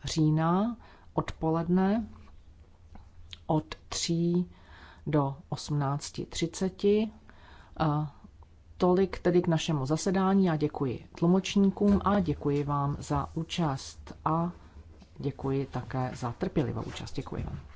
Speaker 4: října odpoledne od 3 do 18.30 Tolik tedy k našemu zasedání. Já děkuji tlumočníkům a děkuji vám za účast a děkuji také za
Speaker 3: trpělivou účast. Děkuji vám.